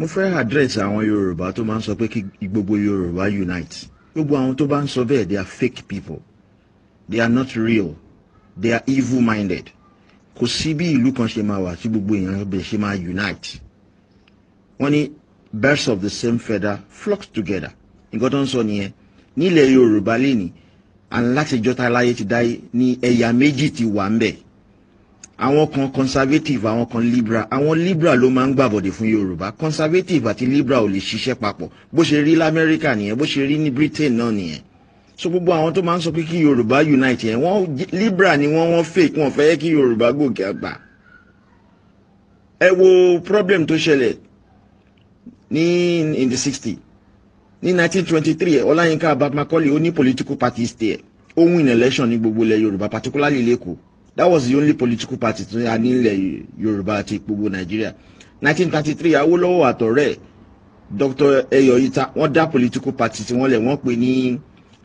mo fẹ́ address àwọn yorùbá tó máa ń sọ pé kí gbogbo yorùbá unite gbogbo àwọn tó bá ń sọ bẹ́ẹ̀ they are fake people they are not real they are evil minded kò sí bí ìlú kan ṣe máa wà tí gbogbo èèyàn bẹ̀ ṣe máa unite wọ́n ní birds of the same feather flock together nǹkan tó ń sọ nìyẹn nílẹ̀ yorùbá lẹ́nìí àńlá ti jọta láyé ti dáyé ní ẹ̀yà méjì ti wà ń bẹ̀ẹ́ àwọn kan conservative àwọn kan libra, àwọn libra ló máa ń gbàbọ̀dẹ̀ fún yorùbá conservative àti libra ò lè ṣiṣẹ́ papọ̀ bó ṣe rí lamẹ́ríkà nìyẹn bó ṣe rí ní britain náà nìyẹn so gbogbo àwọn tó máa ń sọ pé kí yorùbá unite yẹn wọ́n liberal ni wọ́n wọ́n fake wọ́n fẹ́ kí yorùbá gòkè àgbà ẹ wo problem tó ṣẹlẹ̀ ní in the sixty ní nineteen twenty three ọláyínká abakmakọ́lé ó ní political parties tiẹ̀ ó win election ní gbogbo ilẹ̀ yorùbá particularly lẹ́kọ̀ọ́ that was the only political party tó yà nílẹ̀ yorùbá àti gbogbo nàìjíríà 1933 awolowo àtọ̀rẹ́ dr eyoyita wọ́n dá political party tí wọ́n lẹ̀ wọ́n pè ní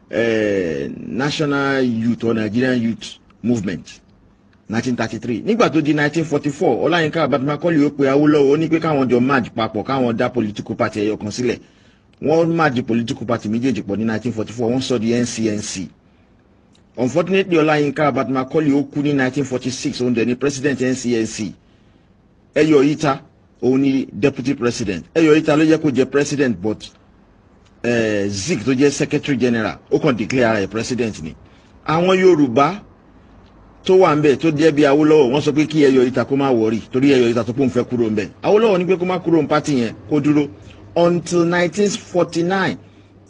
eh, national youth or nigerian youth movement 1933 nígbà tó di 1944 ọláyínká abadúmákọ́lì ó pe awolowo ó ní pé káwọn jọ march papọ̀ káwọn dá political party ẹyọ kan sílẹ̀ wọ́n march political party méjèèjì pọ̀ ní 1944 wọ́n sọ di ncnc unfortunately Olayinka, abatimakọ́lé ó kú ní 1946 òun dẹ̀ president NCNC ẹ̀yọ̀ yíta òun ni deputy president ẹ̀yọ̀ yíta ló jẹ́ kó jẹ́ president but eh, zik tó jẹ́ secretary general ó kàn declare ara ẹ̀ president ni àwọn yorùbá tó wà nbẹ tó jẹ́ bí awolowo wọ́n sọ pé kí ẹ̀yọ̀ yíta kó má wọrí torí ẹ̀yọ̀ yíta tó pọ̀ ń fẹ́ kúrò nbẹ awolowo ní pé kó má kúrò ń pátì yẹn kó dúró until 1949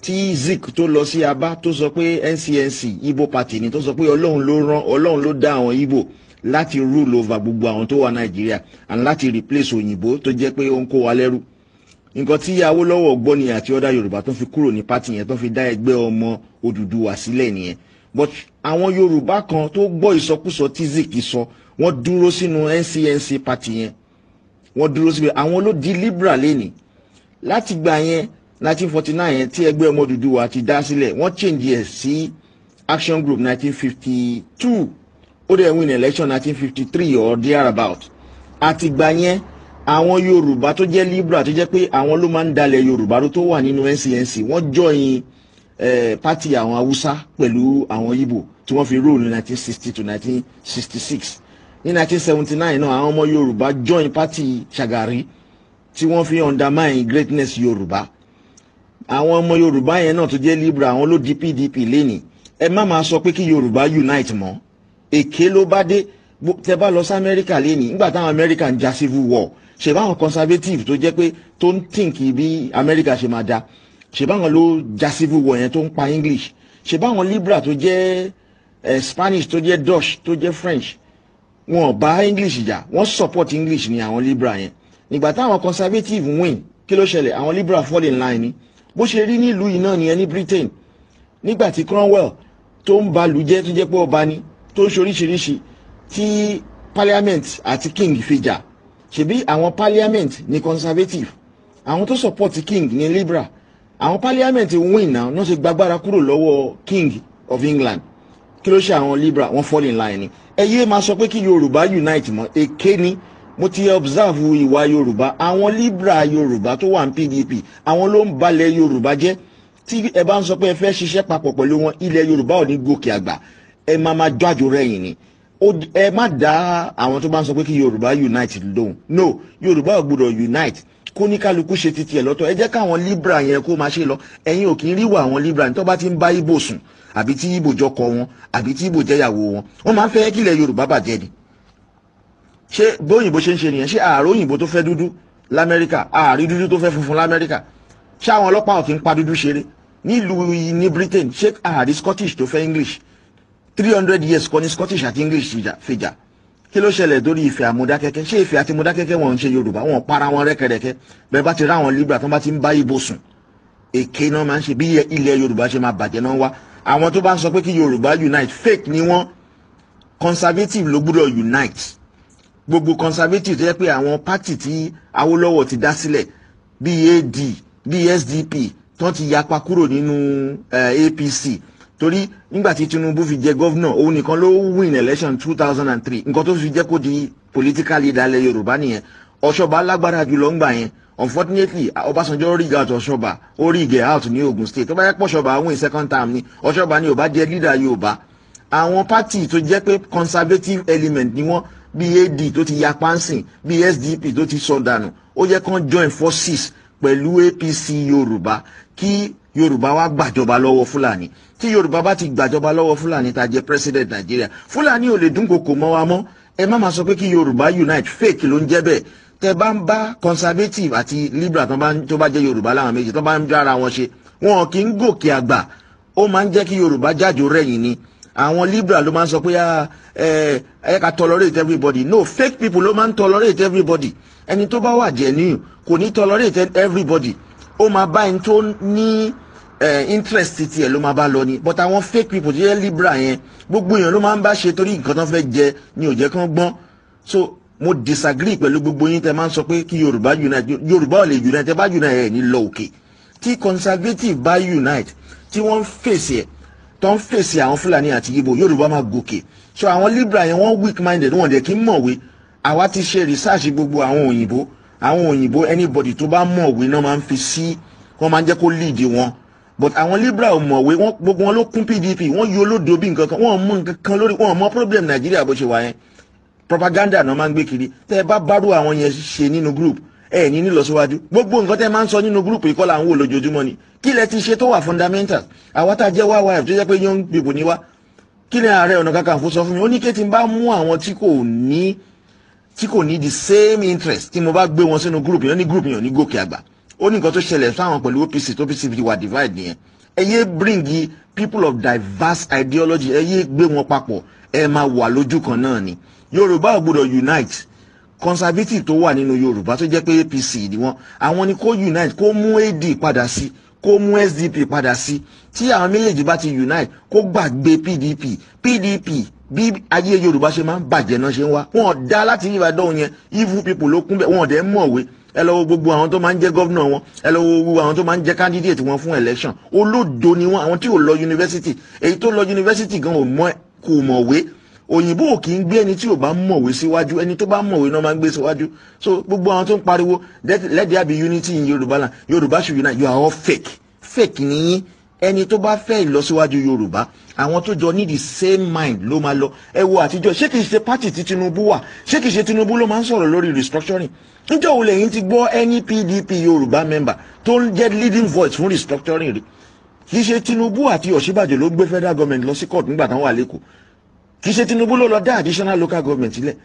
tí zik tó lọ sí Aba tó sọ pé NCNC Ibo party ni tó sọ pé Ọlọ́run ló rán Ọlọ́run ló dá àwọn Igbo láti rule over gbogbo àwọn tó wà Nàìjíríà and láti replace òyìnbó tó jẹ́ pé ó ń kó wa lẹ́rú nǹkan tí Awólọ́wọ̀ gbọ́ ni àti ọ̀dà Yorùbá tó fi kúrò ní pátì yẹn tó fi dá ẹgbẹ́ ọmọ Odùduwà sílẹ̀ nìyẹn but àwọn Yorùbá kan tó gbọ́ ìsọkúsọ tí zik sọ wọ́n dúró sínú NCNC party yẹn wọ́n dúró síbi àwọn ló di Liberal lẹ́nìí láti gbà yẹn nineteen forty nine yẹn tí ẹgbẹ́ ọmọ Odùduwà ti dá sílẹ̀ wọ́n change ẹ̀ sí action group nineteen fifty two ó dẹ̀ win election nineteen fifty three or thereabout àtìgbà yẹn àwọn Yorùbá tó jẹ́ Liberal tó jẹ́ pé àwọn ló máa ń dalẹ̀ Yorùbá tó wà nínú NCNC wọ́n join eh, party àwọn Haúsá pẹ̀lú àwọn Ìgbò tí wọ́n fi rule ní nineteen sixty to nineteen sixty six ní 1979 náà àwọn ọmọ Yorùbá join party Shagari tí wọ́n fi undermine greatness Yorùbá àwọn ọmọ yorùbá yẹn náà tó jẹ́ libra àwọn ló di pdp lẹ́nìí ẹ má máa sọ pé kí yorùbá unite mọ́ èké ló bá dé tẹ bá lọ sí amẹ́ríkà lẹ́nìí nígbà táwọn amẹ́ríkà ń ja civil war ṣèbá àwọn conservative tó jẹ́ pé tó ń tìǹkì bí amẹ́ríkà ṣe máa da ṣèbá àwọn ló ja civil war yẹn tó ń pa english ṣèbá àwọn libra tó jẹ́ eh, spanish tó jẹ́ dutch tó jẹ́ french wọn bá english jà wọ́n support english ní àwọn libra yẹn nígbà táwọn conservative win kí ló ṣẹlẹ̀ àwọn libra fall in line ni bó ṣe rí nílùú yìí náà nìyẹn ní Britain nígbà tí Cromwell tó ń ba lù jẹ́ tó jẹ́ pé ọba ni tó ń ṣoríṣiríṣi tí parliament àti king fi jà ṣebí àwọn parliament ni conservative àwọn tó support king ni liberal àwọn parliament win náà wọ́n ṣe gbàgbára kúrò lọ́wọ́ king of England kí ló ṣe àwọn liberal wọ́n fall in line ni ẹ yéé máa sọ pé kí Yorùbá unite mọ́ èké ni. E mo ti observe ìwà yorùbá àwọn libra yorùbá tó wà ní pdp àwọn ló ń balẹ̀ yorùbá jẹ́ tí ẹ bá ń sọ pé ẹ fẹ́ ṣiṣẹ́ papọ̀ pẹ̀lú wọn ilẹ̀ yorùbá ò ní gòkè àgbà ẹ máa máa jájò rẹ̀yìn ni ẹ má dá àwọn tó bá ń sọ pé kí yorùbá unite lóhùn no yorùbá ò gbọdọ̀ unite kó ní kálukú ṣe titi ẹ̀ lọ́tọ̀ ẹ jẹ́ káwọn libra yẹn kó máa ṣe lọ ẹ̀yin ò kì í ríwà àwọn libra ní bá ti ń bá ibo sùn àbí tí ibo jọkọ wọn àbí tí ibo jẹyàwó wọn wọn máa ń fẹ́ kílẹ̀ yorùbá bàjẹ́ ni ṣé bóyìnbó ṣe ń ṣe nìyẹn ṣé ààrẹ òyìnbó tó fẹ́ dúdú lamẹ́ríkà ààrí dúdú tó fẹ́ funfun lamẹ́ríkà ṣé àwọn ọlọ́pàá ò kí ń pa dúdú ṣeré nílùú ní Britain ṣé ààrí Scottish tó fẹ́ English three hundred years kọ́ ní Scottish àti English fìjà kí ló ṣẹlẹ̀ dórí Ifẹ̀ àmúdákẹ́kẹ́ ṣé Ifẹ̀ àti múdákẹ́kẹ́ wọn ń ṣe Yorùbá wọn para wọn rẹ́kẹrẹ́kẹ́ bẹ́ẹ̀ bá ti ráwọn Libra tó bá ti ń bá ibo sùn èké náà máa ń ṣe bí ilẹ̀ Yorùbá ṣe máa bàjẹ́ náà wá àwọn tó bá ń sọ pé kí Yorùbá unite fake ni wọ́n conservative ló gbúdọ̀ unite gbogbo conservative tó yẹ pé àwọn party tí Awólọ́wọ̀ ti dá sílẹ̀ bíi AD bíi SDP tó ti yapa kúrò nínú eh, APC torí nígbà tí Tinubu fi jẹ gọ́vnà òun nìkan ló win election two thousand and three nǹkan tó fi jẹ́ kó di political leader ilẹ̀ Yorùbá nìyẹn Ọ̀ṣọ́ba lágbára jùlọ ń gbà yẹn unfortunately Ọbásanjọ́ rig out Ọ̀ṣọ́ba ó rig out ní Ogun State tó bá yẹ pọ̀ Ọ̀ṣọ́ba win second term ni Ọ̀ṣọ́ba ni ò bá jẹ́ leader Yorùbá àwọn party tó jẹ́ pé conservative element ni wọ́n bíi ad tó ti ya pánsìn bíi sdp tó ti sọdànù ó yẹ kán join forces pẹ̀lú apc yorùbá kí yorùbá wá gbàjọba lọ́wọ́ fúlàní tí yorùbá bá ti gbàjọba lọ́wọ́ fúlàní tá jẹ́ president nàìjíríà fúlàní ò lè dúnkokò mọ́ wa mọ́ ẹ má máa sọ pé kí yorùbá unite fake ló ń jẹ́ bẹ́ẹ̀ tẹ bá ń bá conservative àti liberal tó bá jẹ́ yorùbá láwọn méjì tó bá ń dára wọn ṣe wọn kì í gòkè àgbà ó máa ń jẹ́ kí yorùbá jájò rẹ̀yìn ni àwọn liberal ló máa ń sọ pé ah, ẹ ká tolerate everybody no fake people ló máa ń tolerate everybody ẹni tó bá wà genuine kò ní tolerate everybody ó máa bá ẹni tó ní interest tiẹ̀ ló máa bá lọ ni but àwọn fake people tó yẹ liberal yẹn gbogbo èèyàn ló máa ń bá ṣe torí nǹkan tó fẹ́ jẹ ni ò jẹ́ kán gbọ́n so mo disagree pẹ̀lú gbogbo yín tẹ́ máa ń sọ pé kí yorùbá unite yorùbá ò lè unite tẹ́ bá unite ẹ̀ ní lọ òkè tí conservative bá unite tí wọ́n ń fèsì ẹ̀ tó ń fèsì àwọn fúlàní àti ibo yorùbá máa gòkè so àwọn Libra. yẹn wọ́n weak minded wọ́n dẹ̀ kí ń mọ̀wé àwa ti ṣe research gbogbo àwọn òyìnbó àwọn òyìnbó anybody tó bá mọ̀wé náà máa ń fi sí wọ́n máa ń jẹ́ kó lead wọn but àwọn liberal mọ̀wé wọ́n gbogbo wọn ló kún pdp wọ́n yí olódo bí nǹkan kan wọ́n mú nǹkan kan lórí wọ́n mọ problem nàìjíríà bó ṣe wà yẹn propaganda náà máa ń gbé kiri tẹ́ ẹ bá bárò àwọn yẹn ṣe nínú group ẹ̀yin nílọsíwájú gbogbo nǹkan tẹ́ máa ń sọ nínú gúrùpù yìí kọ́ là ń wò lójoojúmọ́ ni kí lẹ ti ṣe tó wà fundamentals àwa tá a jẹ́ wáwá ẹ̀ tó jẹ́ pé young people ni wá kí ni ààrẹ ọ̀nà kakanfò sọ fún mi ó ní kétí n bá mú àwọn tí kò ní tí kò ní the same interest tí mo bá gbé wọn sínú gúrùpù yẹn ní gúrùpù yẹn ní gòkè àgbà ó ní nǹkan tó ṣẹlẹ̀ sáwọn pẹ̀lú OPC tó OPC fi wà divide nìyẹn ẹ yé people of diverse ideology ẹ yé gbé wọn papọ̀ ẹ máa wà lójú kan náà unite conservative tó wà nínú yorùbá tó jẹ́ pé apc ni wọ́n àwọn ni kó unite kó mú ad padà sí kó mú sdp padà sí tí àwọn méjèèjì bá ti unite kó gbàgbé pdp pdp bí ayé yorùbá ṣe máa ń bàjẹ́ náà ṣe ń wá wọn ò dá láti yíba dọ́hùn yẹn evil people ló kún bẹ́ẹ̀ wọn ò mọ̀wé ẹ lọ wo gbogbo àwọn tó máa ń jẹ́ gọ́vnà wọn ẹ lọ wo gbogbo àwọn tó máa ń jẹ́ candidate wọn fún election olódo ni wọn àwọn tí ò lọ yunifásitì èyí tó lọ yunifásitì gan ò mọ̀ kò mọ̀wé òyìnbó ò kì í gbé ẹni tí ò bá mọ̀wé síwájú ẹni tó bá mọ̀wé náà máa ń gbé síwájú so gbogbo àwọn tó ń pariwo let there be unity in yorùbá land yorùbá should unite you are all fake fake nìyí ẹni tó bá fẹ́ ìlọsíwájú yorùbá àwọn tó jọ ní the same mind ló máa lọ ẹ wo àtijọ́ ṣé kìí ṣe pátì tí tinubu wà ṣé kìí ṣe tinubu ló máa ń sọ̀rọ̀ lórí restructuring níjọ́ wo lẹ́yìn ti gbọ́ any pdp yorùbá member tó ń jẹ́ leading voice fún restructuring rí kìí ṣe tinubu àti ọ̀ṣínbàjò ló gbé federal government lọ sí court nígbà táwọn wà kì í ṣe Tinubu ló lọ dá additional local government sílẹ̀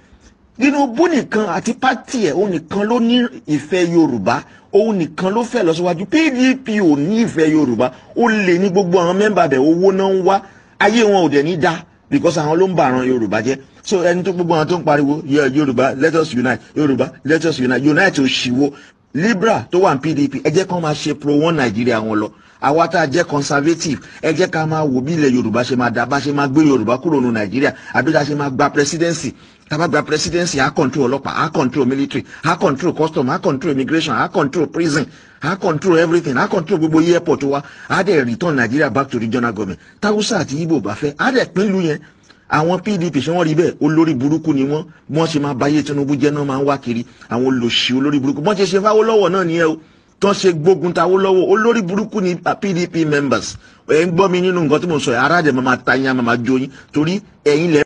Tinubu nìkan àti pátì ẹ̀ òun nìkan ló ní ìfẹ́ Yorùbá òun nìkan ló fẹ́ lọ PDP ò ní ìfẹ́ Yorùbá ó lè ní gbogbo àwọn mẹ́mbà bẹ̀ owó náà ń wá ayé wọn ò dẹ̀ ní dá because àwọn ló ń ba Yorùbá jẹ́ so ẹni tó gbogbo àwọn tó ń pariwo Yorùbá let us unite Yorùbá let us unite unite òṣìwò Libra tó wà ní PDP ẹ jẹ́ kán máa ṣe pro one Nàìjíríà wọn lọ àwa tá a jẹ́ conservative ẹ jẹ́ ká máa wò bí ilẹ̀ yorùbá ṣe máa da bá ṣe máa gbé yorùbá kúrò ní nàìjíríà àbíká ṣe máa gba presidency tá bá gba presidency á control ọlọ́pàá á control military á control customs, á control immigration á control prison á control everything á control gbogbo airport wa á dẹ̀ return nàìjíríà back to regional government táwùsà àti ibo bá fẹ́ á dẹ̀ pín ìlú yẹn àwọn pdp ṣé wọn rí bẹ́ẹ̀ olórí burúkú ni wọn bí wọn ṣe máa báyé tinubu jẹ náà máa ń wá kiri àwọn olòṣì olórí burúkú bí wọn ṣe ṣe fáwọlọwọ náà nìyẹn o tó ṣe gbógun tawó lọ́wọ́ olórí burúkú ni PDP members ẹ̀ ń gbọ́ mi nínú nǹkan tí mo sọ yìí aráàlẹ̀ máa ta yín máa jó yín torí ẹ̀yin lẹ́